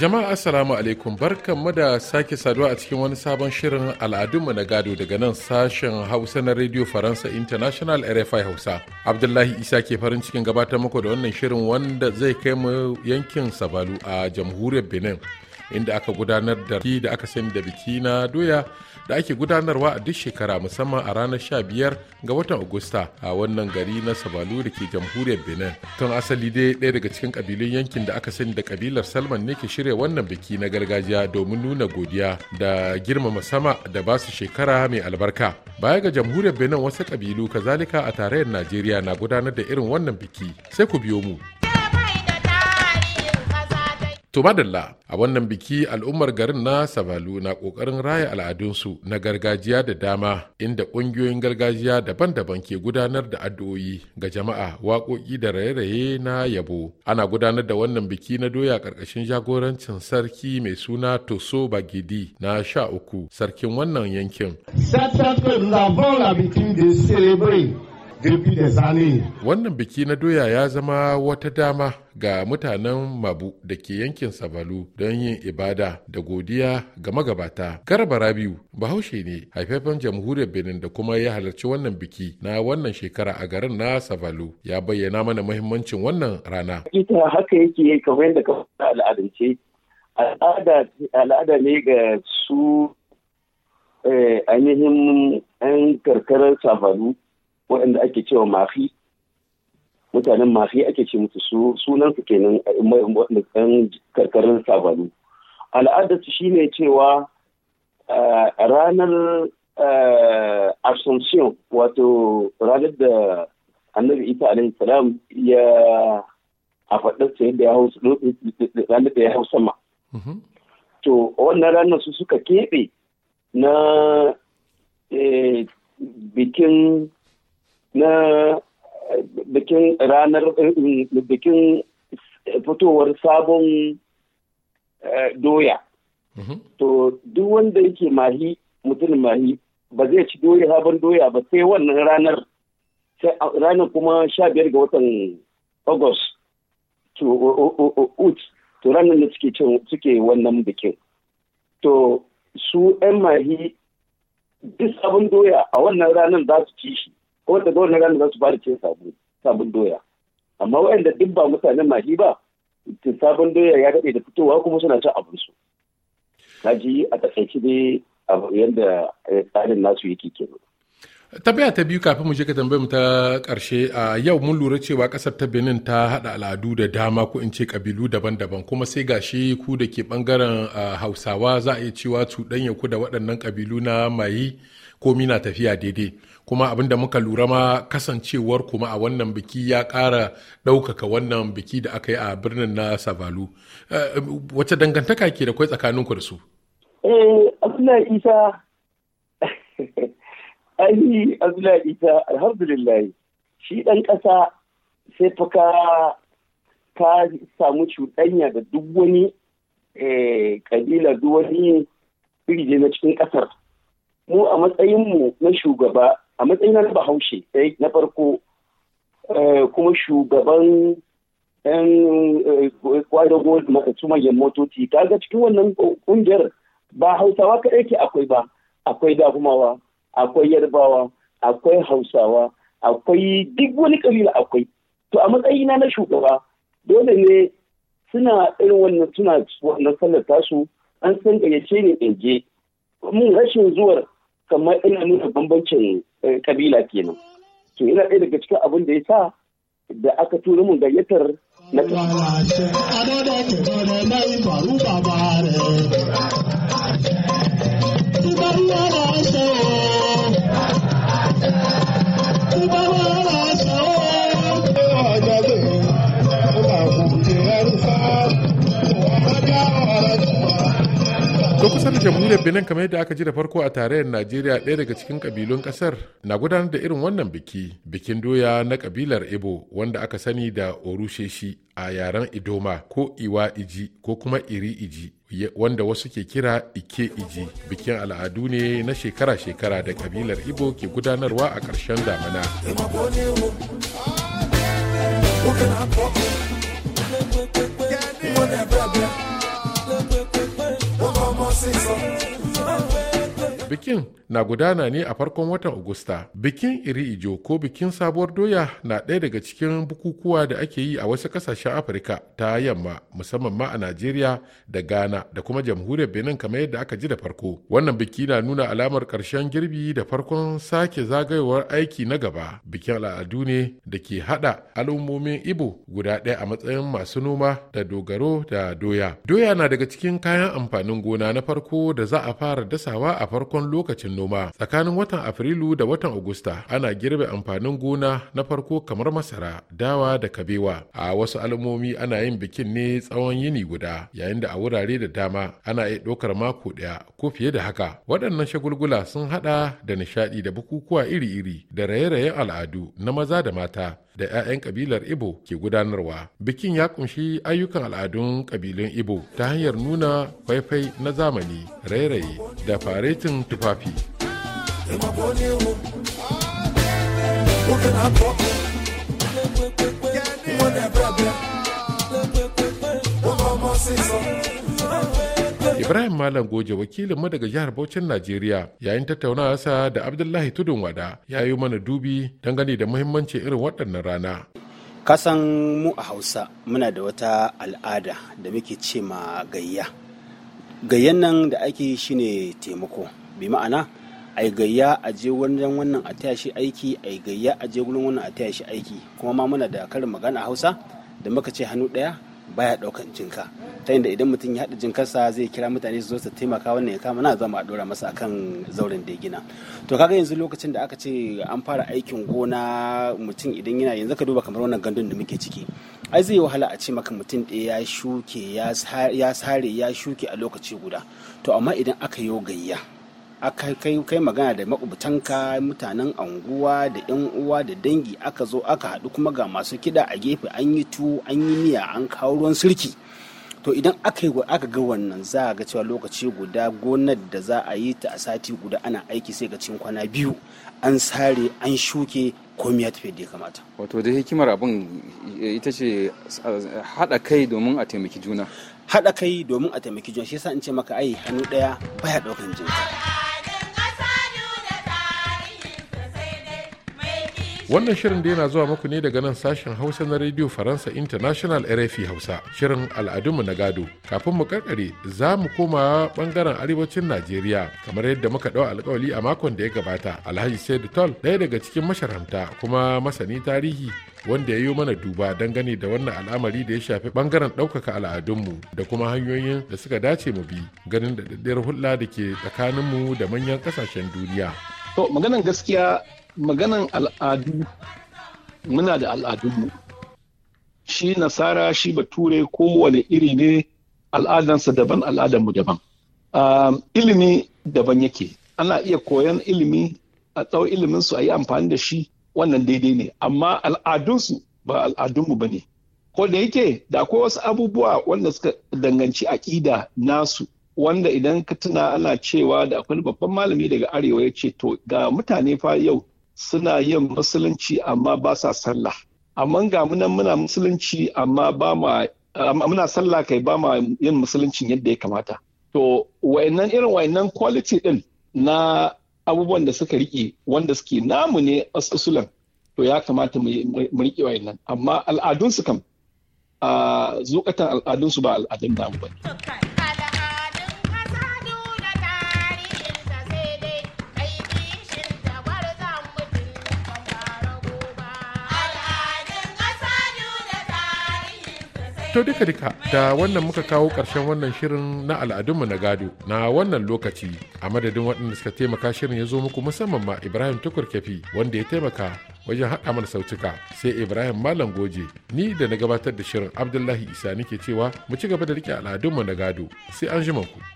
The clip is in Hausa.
Jama'a Assalamu alaikum barkanmu da sake saduwa a cikin wani sabon shirin al'adun al'adunmu na gado daga nan sashen Hausa na Radio Faransa International RFI Hausa. Abdullahi Isa ke farin cikin gabatar muku da wannan shirin wanda zai kai mu yankin Sabalu a jamhuriyar Benin. inda aka gudanar da biki da aka sani da biki na doya da ake gudanarwa a duk shekara musamman a ranar sha biyar ga watan Agusta a wannan gari na Sabalu da ke jamhuriyar Benin. Tun asali dai ɗaya daga cikin kabilun yankin da aka sani da kabilar Salman ne ke shirya wannan biki na gargajiya domin nuna godiya da girmama sama da ba su shekara mai albarka. Baya ga jamhuriyar Benin wasu kabilu kazalika a tarayyar Najeriya na gudanar da irin wannan biki. Sai ku biyo mu To madalla a wannan biki al'ummar garin na sabalu na ƙoƙarin raya al'adunsu na gargajiya da dama inda ƙungiyoyin gargajiya daban-daban ke gudanar da addu'o'i ga jama'a waƙoƙi da raye-raye na yabo. Ana gudanar da wannan biki na doya ƙarƙashin jagorancin sarki mai suna Toso Bagidi na sha uku sarkin wannan yankin. girbi da zane. Wannan biki na doya ya zama wata dama ga mutanen Mabu da ke yankin Sabalu don yin ibada da godiya ga magabata. Garba Rabiu Bahaushe ne haifafen jamhuriyar Benin da kuma ya halarci wannan biki na wannan shekara a garin na Sabalu. Ya bayyana mana muhimmancin wannan rana. Ita haka yake kamar yadda ka al'adance. Al'ada ne ga su eh, ainihin 'yan karkarar Sabalu. waɗanda ake cewa mafi mutanen mafi ake ce musu su sunan su kenan kan karkarin sabalu al'adar su shine cewa eh, ranar eh, assumption wato ranar da annabi isa alaihi salam ya a da yadda ya hau ranar da ya hau sama mm-hmm. to wannan ranar su suka keɓe na eh, bikin na eh, bikin ranar eh, mm, bikin fitowar sabon eh, doya mhm. to duk wanda yake mahi mutumin mahi ba zai ci doya sabon doya ba sai wannan ranar ranar kuma sha biyar ga watan agus to ut to ranar da suke suke wannan bikin to su 'yan mahi duk sabon doya a wannan ranar za su ci shi ko da dole na gani za su fara cin sabon doya amma waɗanda duk ba mutanen mahi ba sabon doya ya daɗe da fitowa kuma suna cin abinsu ji a a dai yadda eh, tsarin nasu yake kenan Tabiya ta biyu kafin mu je ka tambayi mu ta karshe a yau mun lura cewa kasar ta benin ta hada al'adu da dama ko in ce kabilu daban-daban kuma sai gashi ku da ke bangaren hausawa za a iya cewa cuɗanya ku da waɗannan kabilu na mayi ko na tafiya daidai kuma abin da muka lura ma kasancewar kuma a wannan biki ya ƙara ɗaukaka wannan biki da aka yi a birnin na savalu eh, wacce dangantaka ke da kwai tsakaninku da su eh isa isa alhamdulillah shi ɗan ƙasa sai fuka ka samu cuɗanya da duk wani kabila eh, duk wani iri na cikin ƙasar mu a matsayinmu na shugaba a matsayin na bahaushe eh, na farko eh, kuma shugaban yan eh, kwado gold su manyan motoci kaga cikin wannan kungiyar ba hausawa kaɗai ke akwai ba akwai dagumawa akwai yarbawa akwai hausawa akwai duk wani ƙabila akwai to a matsayina na shugaba dole ne suna irin wannan suna wannan sallar tasu an san gayyace ne in je mun rashin zuwar kamar ina nuna bambancin Eh, kabila kenan to yana ɗaya daga cikin abin da ya sa da aka tura mun gayyatar na Thank Kasar jamhuriyar Benin kamar yadda aka ji da farko a tarayyar Najeriya ɗaya daga cikin kabilun ƙasar na gudanar da irin wannan biki, bikin doya na kabilar Ibo wanda aka sani da Orusheshi a yaren Idoma ko Iwa Iji ko kuma Iri Iji. wanda wasu ke kira ike iji bikin al'adu ne na shekara-shekara da kabilar ibo ke gudanarwa a ƙarshen damana bikin na gudana ne a farkon watan Agusta. Bikin iri ijo ko bikin sabuwar doya na ɗaya daga cikin bukukuwa da ake yi a wasu ƙasashen Afirka ta yamma musamman ma a Najeriya da Ghana da kuma jamhuriyar Benin kamar yadda aka ji da farko. Wannan biki na nuna alamar ƙarshen girbi da farkon sake zagayowar aiki na gaba. Bikin al'adu ne da ke haɗa al'ummomin Ibo guda ɗaya a matsayin masu noma da dogaro da doya. Doya na daga cikin kayan amfanin gona na farko da za a fara dasawa a farkon lokacin noma tsakanin watan afrilu da watan agusta ana girbe amfanin gona na farko kamar masara dawa da kabewa a wasu alamomi ana yin bikin ne tsawon yini guda yayin da a wurare da dama ana iya ɗaukar mako ɗaya ko fiye da haka waɗannan shagulgula sun haɗa da nishaɗi da bukukuwa iri-iri da raye-rayen al'adu na maza da mata da 'ya'yan kabilar Ibo ke gudanarwa. Bikin ya kunshi ayyukan al'adun kabilun Ibo ta hanyar nuna faifai na zamani, rairaye da faretin tufafi. Ibrahim Malam Goje wakilin mu daga jihar Bauchin Najeriya yayin tattaunawarsa da Abdullahi Tudun Wada ya yi mana dubi dangane da muhimmanci irin waɗannan rana. Kasan mu a Hausa muna da wata al'ada da muke ce ma gayya. Gayyan nan da ake shine taimako. Bi ma'ana ai gayya a je wannan a taya shi aiki ai gayya a je wannan a taya shi aiki kuma ma muna da karin magana a Hausa da muka ce hannu ɗaya baya daukan jinka ta inda idan mutum ya haɗa jinkarsa zai kira mutane su zo su taimaka wannan ya kama na zama a ɗora masa akan zauren da ya gina to kaga yanzu lokacin da aka ce an fara aikin gona mutum idan yana yanzu ka duba kamar wannan gandun da muke ciki ai zai wahala a ce maka mutum ɗaya ya shuke ya sare ya shuke a lokaci guda to amma idan aka yo gayya aka kai kai magana da makubutanka mutanen anguwa da yan uwa da dangi aka zo aka haɗu kuma ga masu kiɗa a gefe an yi tuwo an yi miya an kawo ruwan sirki to idan aka ga wannan za a ga cewa lokaci guda gonar da za a yi ta a sati guda ana aiki sai ga cikin kwana biyu an sare an shuke komai ya tafi da ya kamata wato da hikimar abin ita ce haɗa kai domin a taimaki juna haɗa kai domin a taimaki juna shi yasa in ce maka ai hannu ɗaya baya ɗaukan jinka Wannan shirin da yana zuwa muku ne daga nan sashen Hausa na Radio Faransa International RFI Hausa. Shirin al'adunmu na gado. Kafin mu karkare za mu koma bangaren arewacin Najeriya kamar yadda muka dau alkawali a makon da ya gabata. Alhaji Saidu Tol ɗaya daga cikin masharanta kuma masani tarihi wanda ya yi mana duba dangane da wannan al'amari da ya shafi bangaren ɗaukaka al'adunmu da kuma hanyoyin da suka dace mu bi ganin da hulɗa da ke tsakaninmu da manyan ƙasashen duniya. To maganan gaskiya maganan al'adu muna da al'adunmu shi nasara shi bature kowane iri ne al'adansa daban al'adanmu daban ilimi daban yake ana iya koyan ilimi a tsawo iliminsu a yi amfani da shi wannan daidai ne amma al'adunsu ba al'adunmu ba ne ko da yake da akwai wasu abubuwa wanda suka danganci aƙida nasu wanda idan ka tuna ana cewa da akwai babban malami daga arewa ya ce to ga mutane fa yau suna yin musulunci amma ba sa sallah amma ga munan muna musulunci amma ba ma muna sallah kai ba ma yin musuluncin yadda ya kamata to wayannan irin wayannan quality din na abubuwan da suka rike wanda suke namu ne asusulan to ya kamata mu riƙe wayannan amma al'adunsu kam a zukatan al'adunsu ba al'adun namu ba To duka duka da wannan muka kawo ƙarshen wannan shirin na al'adunmu na gado na wannan lokaci a madadin waɗanda suka taimaka shirin ya zo muku musamman ma Ibrahim Tukur Kefi wanda ya taimaka wajen haɗa mana sautuka sai Ibrahim Malam Goje ni da na gabatar da shirin Abdullahi Isa nake cewa mu ci gaba da riƙe al'adunmu na gado sai an ku.